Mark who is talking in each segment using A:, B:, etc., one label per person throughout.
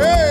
A: Hey.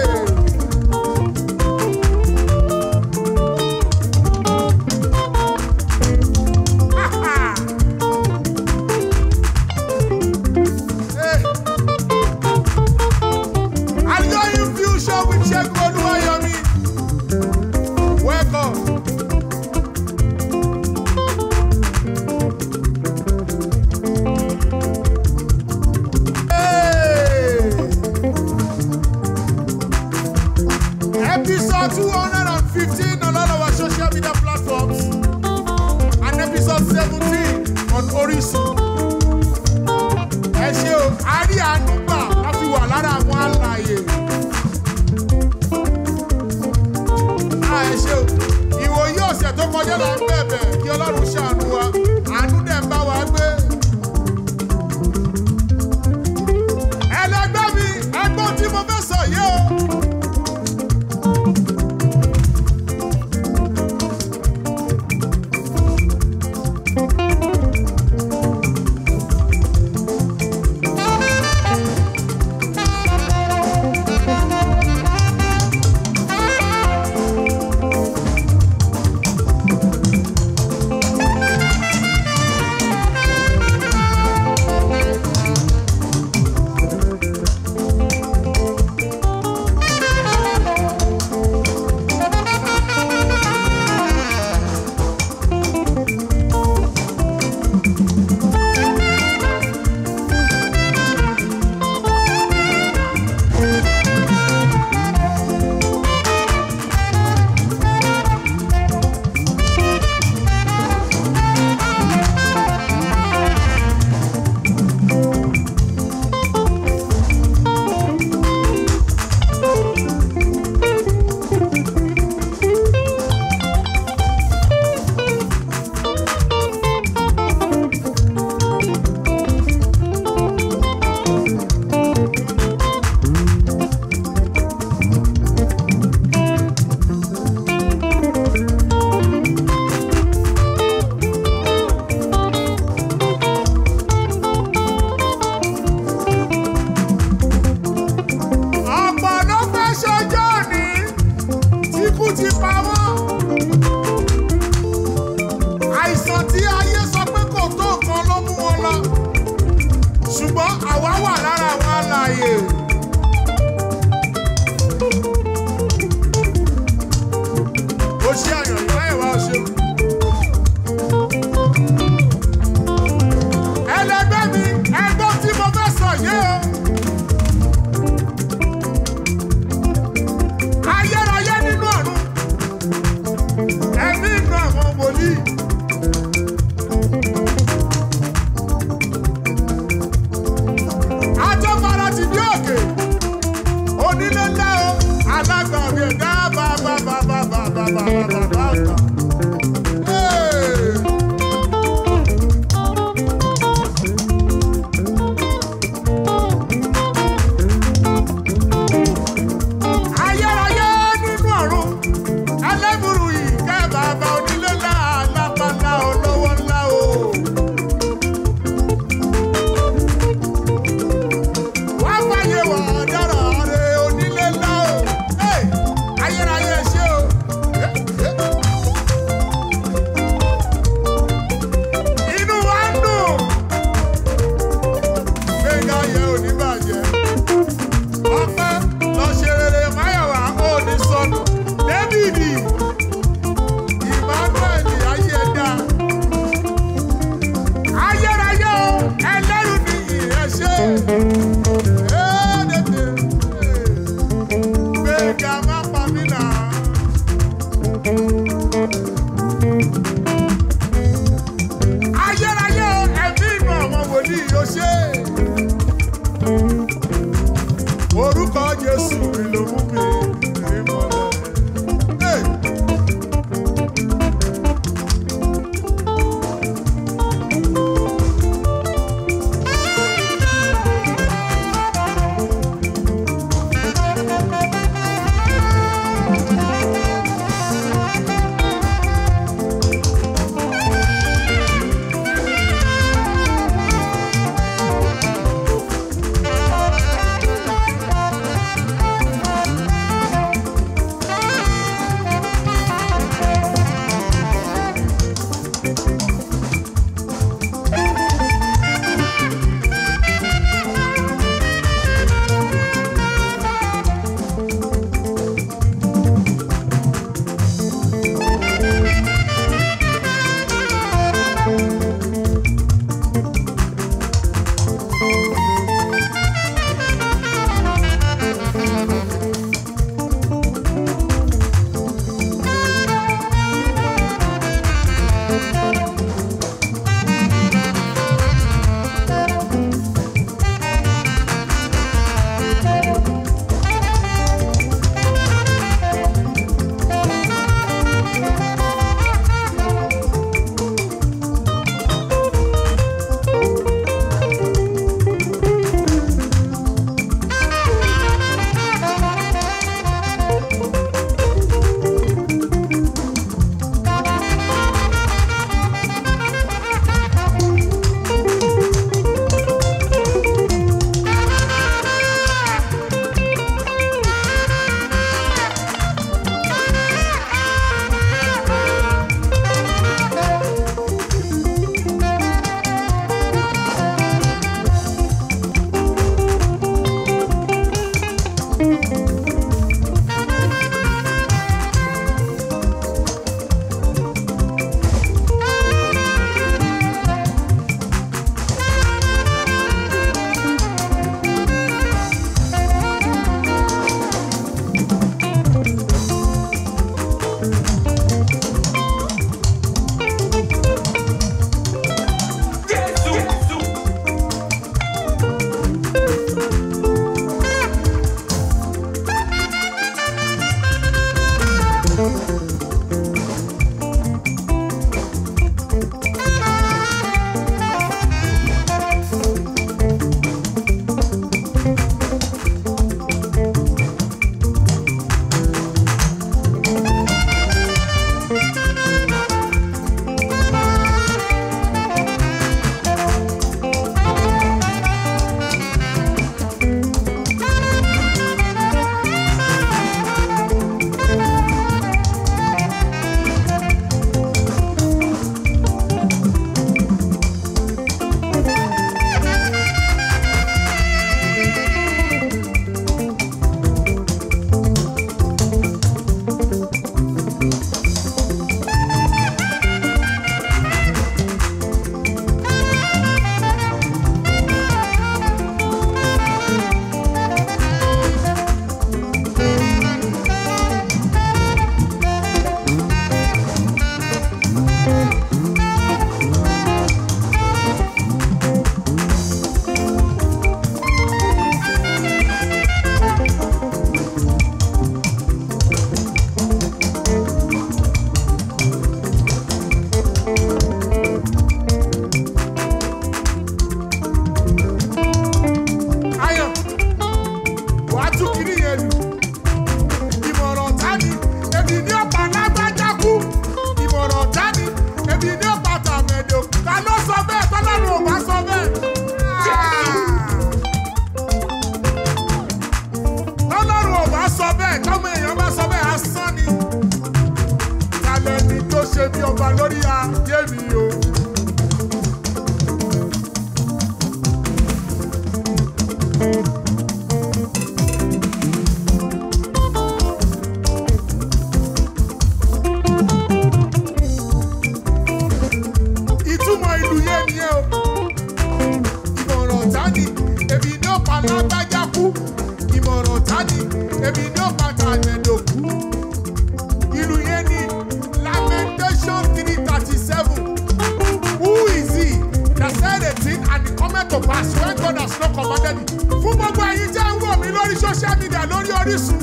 A: social media lórí Orísun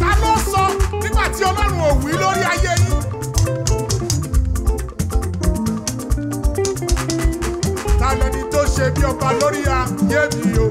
A: ta ló sọ nígbà tí Ọlọ́run ò wí lórí ayé yín. ta lẹni tó ṣe bí ọba lórí ayé mi o.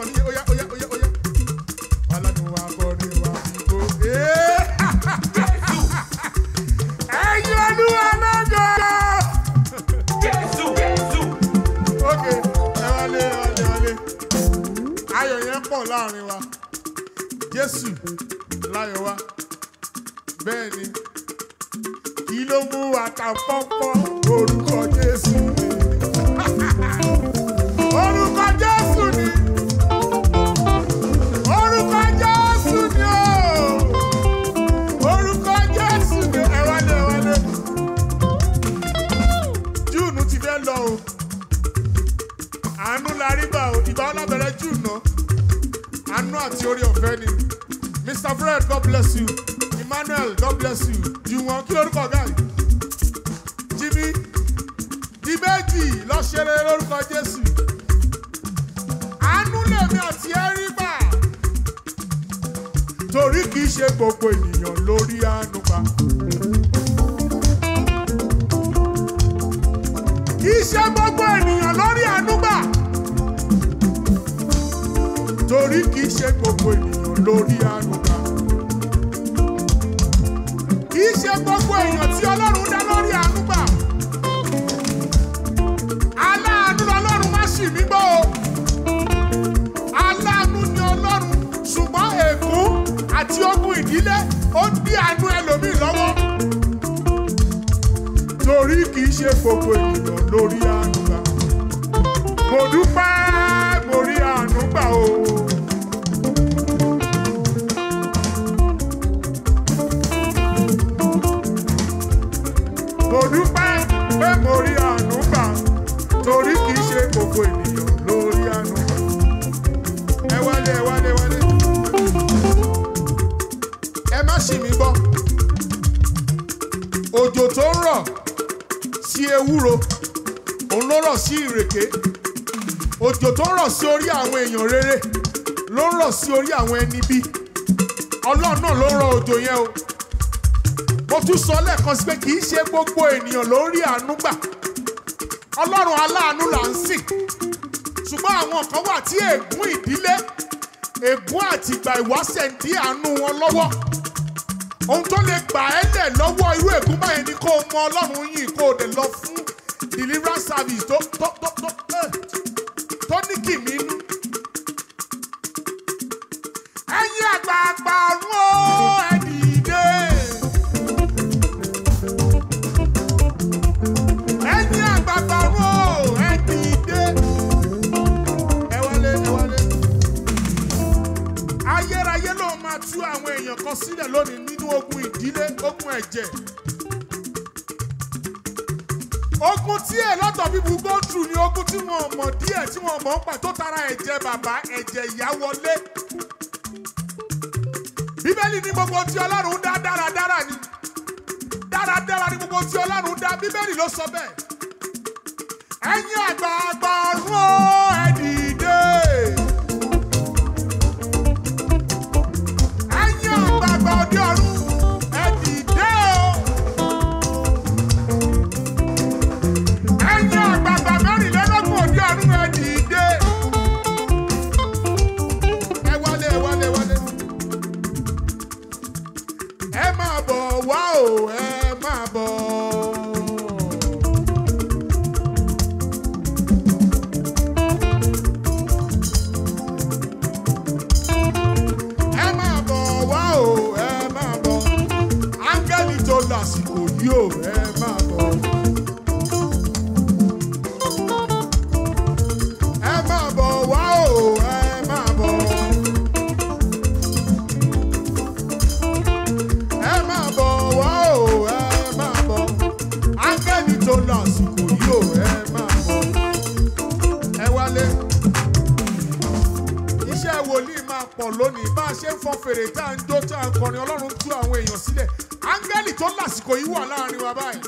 A: akọni oya oya oya oya aládùn wa akọni wa o ee ẹyin olúwa lọ́jọ́. Jésù Jésù. kí ló mú wa orúkọ. Pastor Fred, God bless you. Emmanuel, God bless you. Jìwọ̀n kí lórúkọ ọ̀gá yìí. Jimmy, di méjì lọ́ṣẹ̀rẹ̀ lórúkọ Jésù. Àánú lèmi àti ẹ rí gbà. Torí kìí ṣe gbogbo ènìyàn lórí àánú gbà. Kìí ṣe gbogbo ènìyàn lórí àánú gbà. Torí kìí gbogbo ènìyàn lórí àánú. ṣe gbogbo èèyàn tí ọlọ́run dá lórí àánú gbà. aláàánú lọlọ́run má ṣì mí gbọ́ o. aláàánú ni ọlọ́run ṣùgbọ́n ègún àti ogun ìdílé ó ń dí àánú ẹlòmíì lọ́wọ́. torí kì í ṣe gbogbo ènìyàn lórí àánú gbà. mo dúpẹ́ mo àánú gbà o. sí ìrèké òjò tó ń rọ̀ sí orí àwọn èèyàn rere ló ń rọ̀ sí orí àwọn ẹni bí ọlọ́run náà ló ń rọ òjò yẹn o mo tún sọ lẹ́ẹ̀kan sí pé kì í ṣe gbogbo ènìyàn ló ń rí àánú gbà ọlọ́run aláàánú là ń sìn ṣùgbọ́n àwọn kan wà tí ègún ìdílé ègún àtìgbà ìwáṣẹ̀ ń dí àánú wọn lọ́wọ́ ohun tó lè gbà ẹ́ lẹ̀ lọ́wọ́ irú ègún báyẹn ni kó o mọ ọlọ́run yìí kó o dẹ̀ lọ fún deliverance service tó tó tó tó eh, tó ní kìmí nú. ẹ̀yin àgbààgbà ọ̀run o ẹ dìde. ẹ̀yin àgbààgbà ọ̀run o ẹ dìde. ẹ wọlé ẹ wọlé. ayérayé ló máa tú àwọn èèyàn kan sílẹ̀ lónìí nínú ogun ìdílé ogun ẹ̀jẹ̀ ogun tí ẹ̀ lọ́tọ̀ bíbu gbóòtù ni ogun tí wọ́n mọ̀ díẹ̀ tí wọ́n mọ̀ ń pa tó tara ẹ̀jẹ̀ bàbá ẹ̀jẹ̀ ìyá wọlé. bíbélì ní gbogbo tí ọlọ́run dá dáradára ni dáradára ní gbogbo tí ọlọ́run dá bíbélì ló sọ bẹ́ẹ̀. ẹ̀yin àgbààgbà ọ̀run o. àsìkò yìí wà láàrin wa báyìí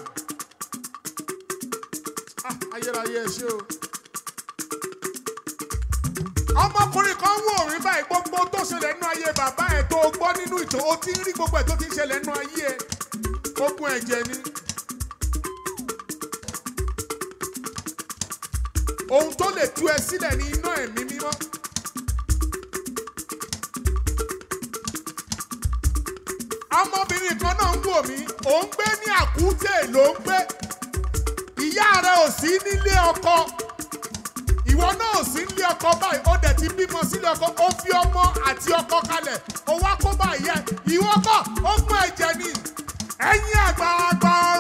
A: ah, ayérayé ẹ ṣé o ọmọkùnrin kan wò rí báyìí gbogbo tó ṣẹlẹ̀ nínú ayé bàbá ẹ̀ tó gbọ́ nínú ìtàn ó ti ń rí gbogbo ẹ̀ tó ti ń ṣẹlẹ̀ nínú ayé ẹ̀ ogun ẹ̀jẹ̀ ni. ohun tó lè tú ẹ sílẹ̀ ni iná ẹ̀mí mímọ́. Omi, mí ò ń gbé ní àkúté ló ń gbé ìyá rẹ ò sí nílé ọkọ ìwọ náà ò sí nílé ọkọ báyìí ó dẹ̀ ti bímọ sílé ọkọ ó fi ọmọ àti ọkọ kalẹ̀ ó wá kó báyìí ẹ ìwọ kọ ó gbọ́ ẹ̀jẹ̀ ni ẹ̀yin àgbààgbà.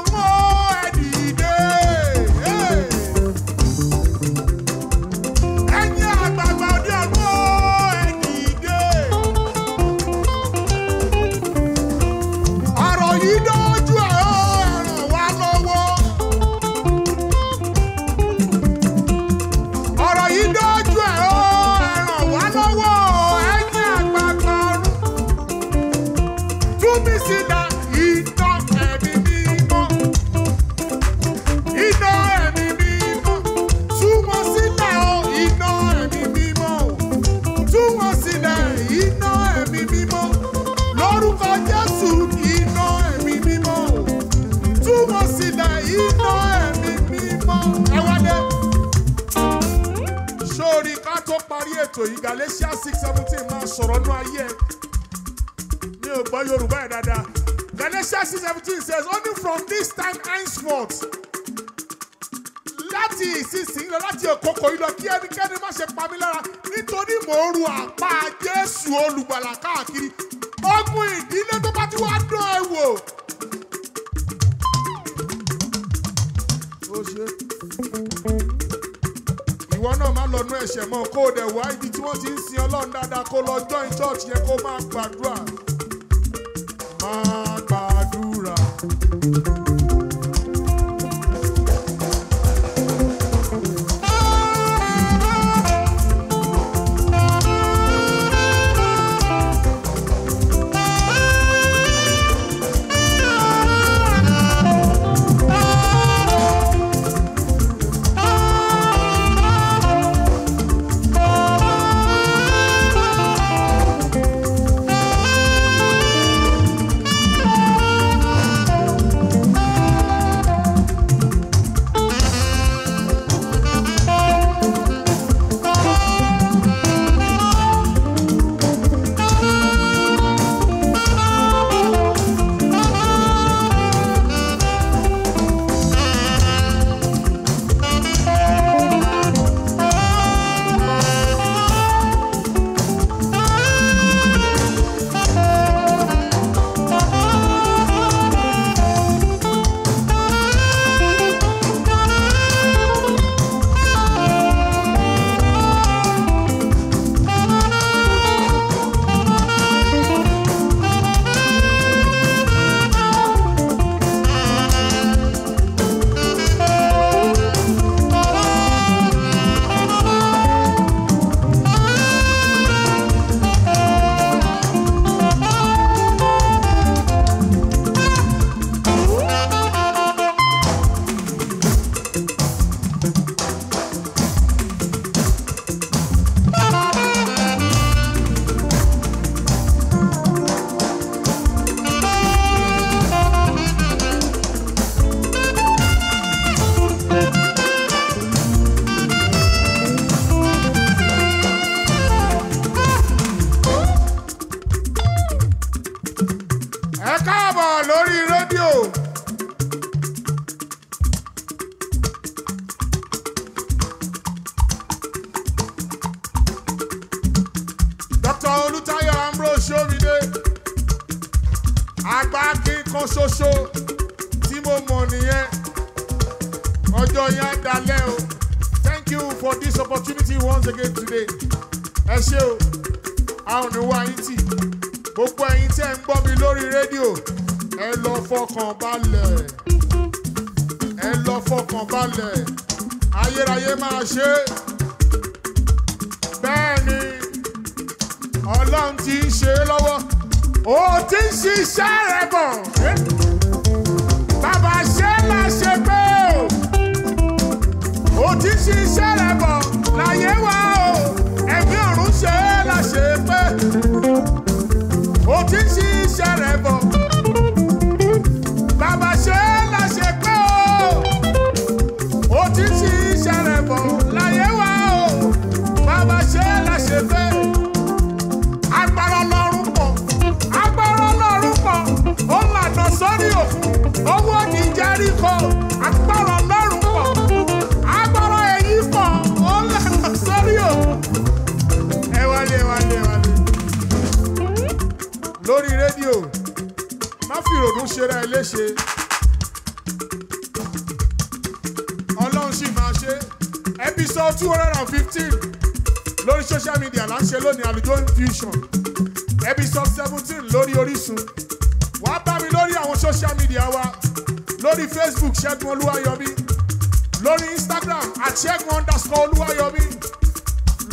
A: yìí Galatians six seventeen máa sọ̀rọ̀ nú ayé mi ò gbọ́ Yorùbá ẹ̀ dáadáa Galatians six seventeen says only from this time henceforth láti ìsinsìnyí lọ láti òkòkò yìí lọ kí ẹnikẹ́ni má ṣe pa mí lára nítorí mò ń ru àpá Jésù olùgbàlà káàkiri ogun ìdílé tó bá ti wá dán ẹ wò. Oh shit ìwọ náà má lọ́nu ẹ̀ṣẹ̀ mọ́ kó o dẹ̀ wá ibi tí wọ́n ti ń sin ọlọ́run dáadáa kó lọ join church yẹn kó máa gbàdúrà máa gbàdúrà. balẹ̀ ẹ lọ fọkàn balẹ̀ ayérayé máa ṣe bẹ́ẹ̀ ni ọlọ́run ti ń ṣe lọ́wọ́ ó ti ń ṣiṣẹ́ rẹ̀ bọ̀ bàbá ṣe máa ṣe pé ó ti ń ṣiṣẹ́ rẹ̀ bọ̀ láyé wa o ẹ̀mí ọ̀run ṣe é láṣẹ pé ó ti ń ṣiṣẹ́ rẹ̀ bọ̀. owó ní jẹ́ríkò agbára ọlọ́run pọ̀ agbára èyí pọ̀ ó lẹ́nu sórí òkun. ẹ wálé ẹ wálé ẹ wálé. lórí rédíò má fi ìrònú ṣera ẹ léṣe. ọlọ́run sì máa ṣe episode two hundred and fifteen lórí social media là ń ṣe lónìí Alùjọ Fusion episode seventeen lórí Orísun social media wa lórí Facebook ṣẹ́gun olúwayọ̀mí lórí Instagram at ṣẹ́gun underscore olúwayọ̀mí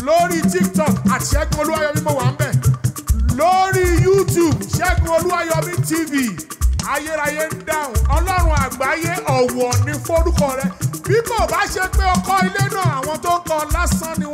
A: lórí TikTok at ṣẹ́gun olúwayọ̀mí mo wà ń bẹ̀ lórí YouTube ṣẹ́gun olúwayọ̀mí TV ayérayé ń dáhùn ọlọ́run àgbáyé ọ̀wọ̀ ní forúkọ rẹ bí kò bá ṣe pé ọkọ ilé náà àwọn tó kọ lásán ni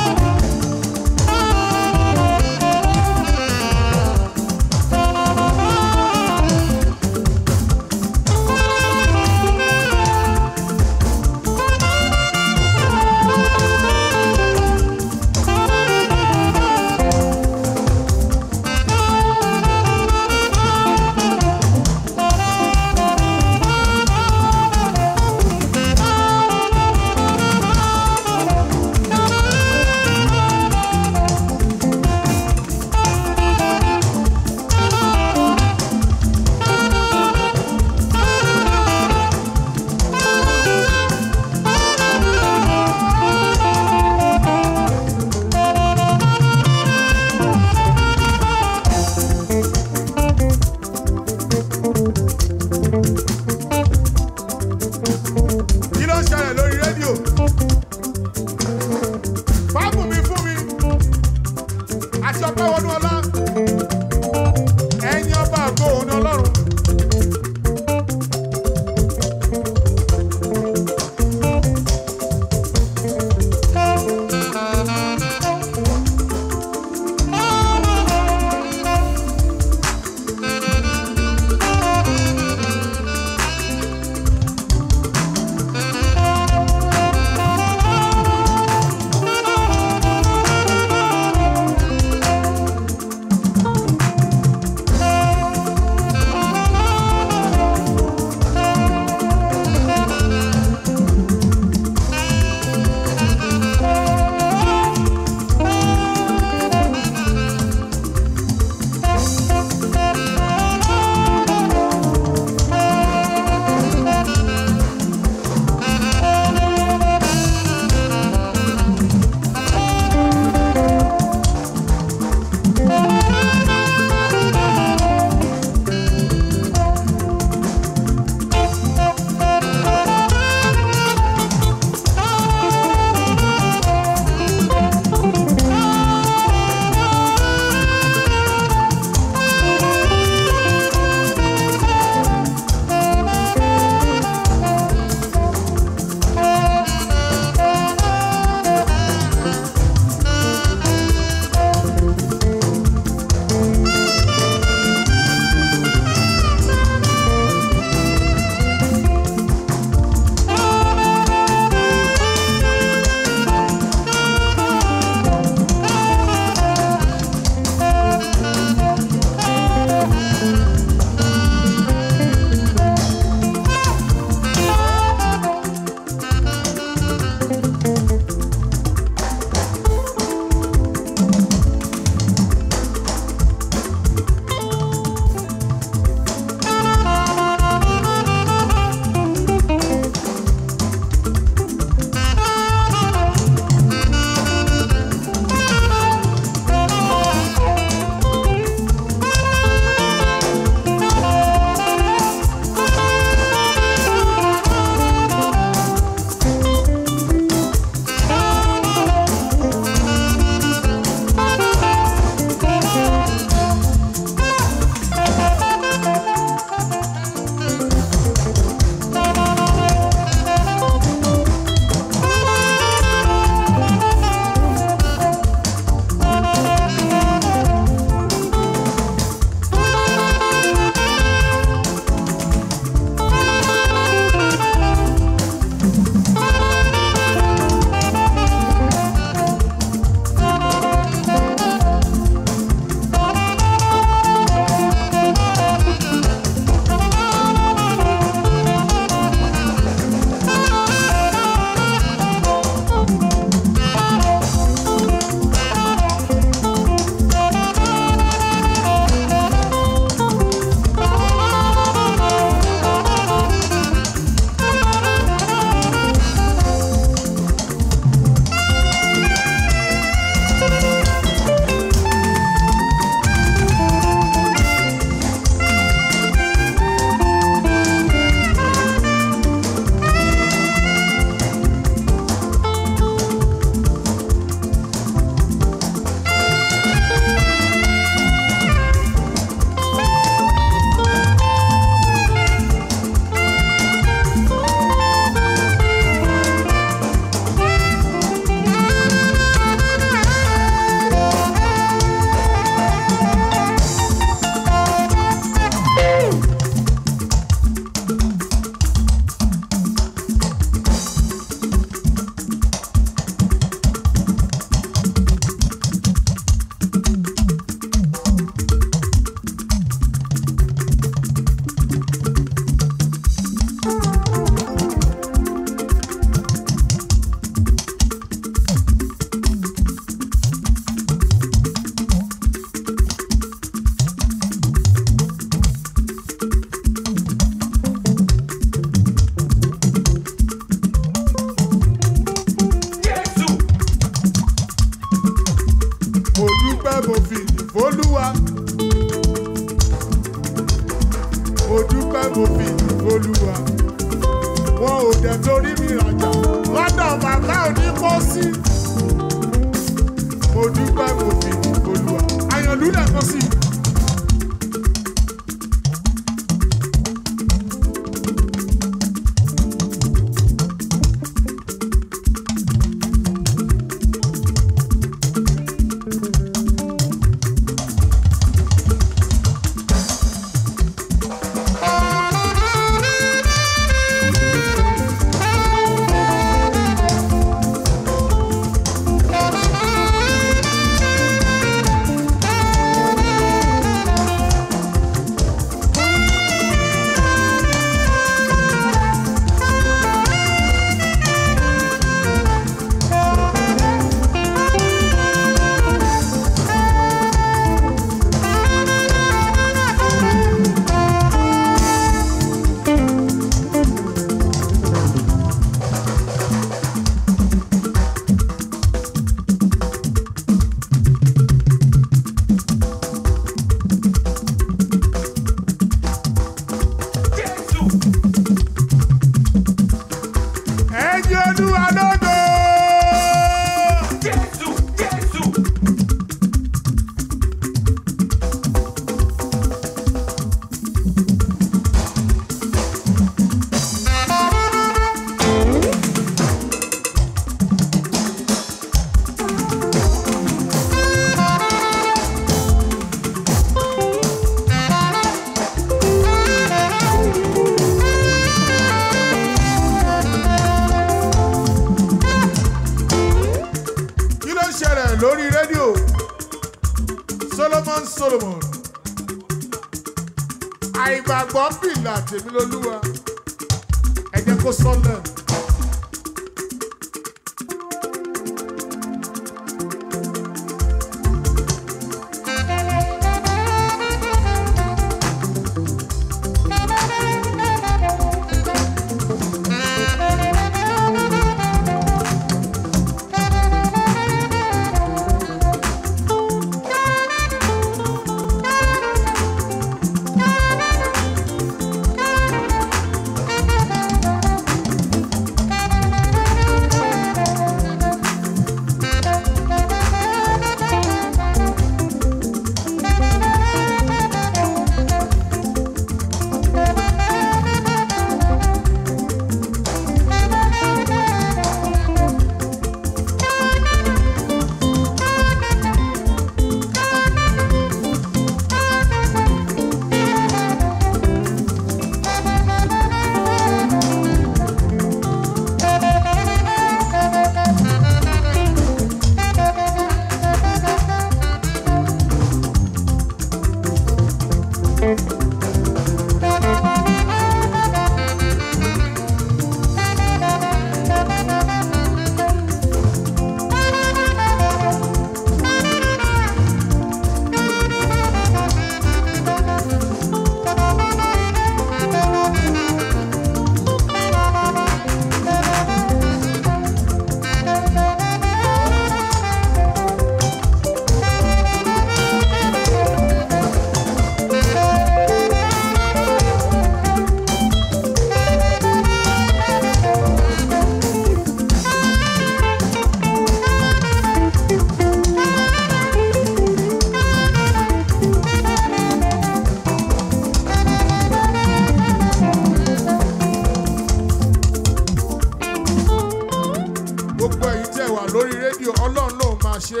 A: rédíò ọlọ́run ló máa ṣe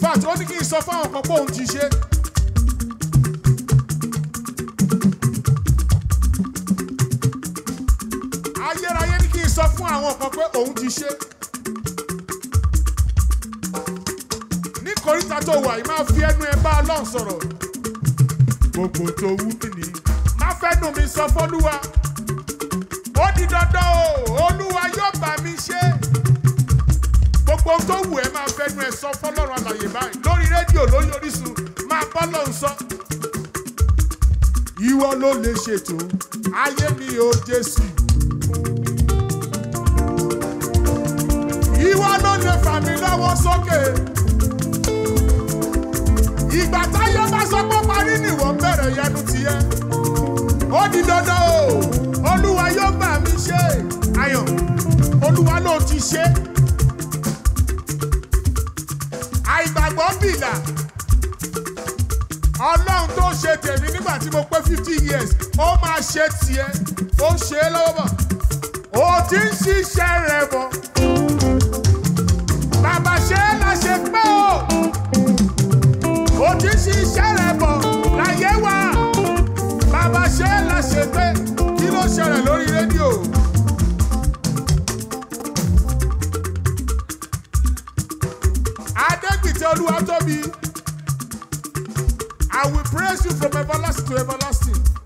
A: fat ó ní kí n sọ fáwọn kan pé òun ti ṣe. ayérayé ní kí n sọ fún àwọn kan pé òun ti ṣe. ní kòríta tó wà yìí máa fi ẹnu ẹ bá ọlọ́run sọ̀rọ̀ gbogbo tó wú nìyí má fẹ́nu mi sọ fọ́lúwa ó di dandan o olú gbogbo tó wù ẹ́ máa fẹ́nu ẹ̀ sọ fọlọ́run àlàyé báyìí lórí rédíò lórí Orísun máa bọ́lọ̀ ń sọ. ìwọ ló lè ṣètò ayé mi ò Jésù. ìwọ ló lè fà mí lọ́wọ́ sókè. ìgbà táyé bá sọ pé parí nìwọ̀n bẹ̀rẹ̀ yẹnu tiẹ̀. ó di dandan o olúwa yóò gbà mí ṣe àyàn olúwa ló ti ṣe é. bìlà ọlọ́run tó ṣe tèmi nígbà tí mo pé fifty years ó máa ṣe tiẹ̀ ó ṣe é lọ́wọ́ bọ̀ ó ti ń ṣiṣẹ́ rẹ̀ bọ̀ bàbá ṣe é la ṣe pé o ó ti ń ṣiṣẹ́ rẹ̀ bọ̀ láyé wa bàbá ṣe é la ṣe pé kí ló ṣẹlẹ̀ lórí rédíò. Olúwa tóbi. I will praise you from everlasting to everlasting.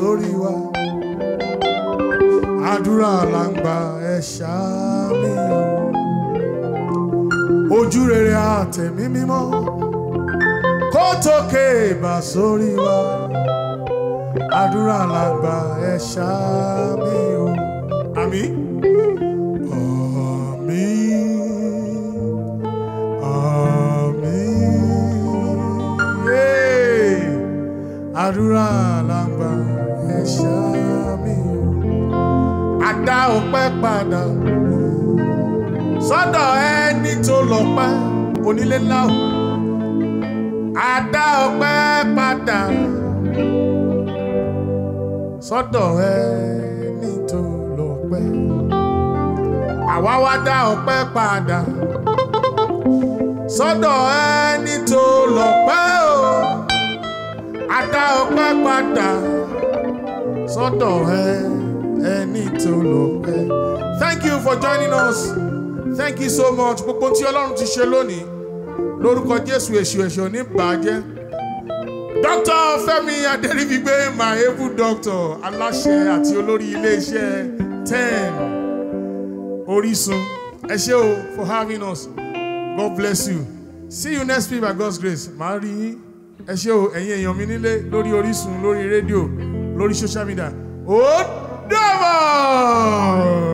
A: sórí wa àdúrà là ń gbà ẹ ṣáàmì ojú rere àtẹ̀mí mímọ́ kó tókè bà sórí wa àdúrà là ń gbà o. àmín. àdúrà là ò pẹ́ padà sọ́dọ̀ ẹni tó lọ pẹ́ onílé ńlá ò àdá ò pẹ́ padà sọ́dọ̀ ẹni tó lọ pẹ́ àwa wá dá ò pẹ́ padà sọ́dọ̀ ẹni tó lọ pẹ́ o àdá ò pẹ́ padà sọ́dọ̀ ẹni ẹni tó lò pẹ́. thank you for joining us thank you so much gbogbo tí ọlọ́run ti ṣe lónìí lórúkọ jésù èṣù èṣù ní bàjẹ́ dr fẹ́mi adẹrìbígbé mahebu doctor aláṣẹ àti olórí iléeṣẹ́ ten orísun ẹ ṣé o for having us god bless you see you next week by god's grace màá rí yín ẹ ṣé o ẹ̀yin èèyàn mi nílé lórí orísun lórí rédíò lórí social media Oh! Devil!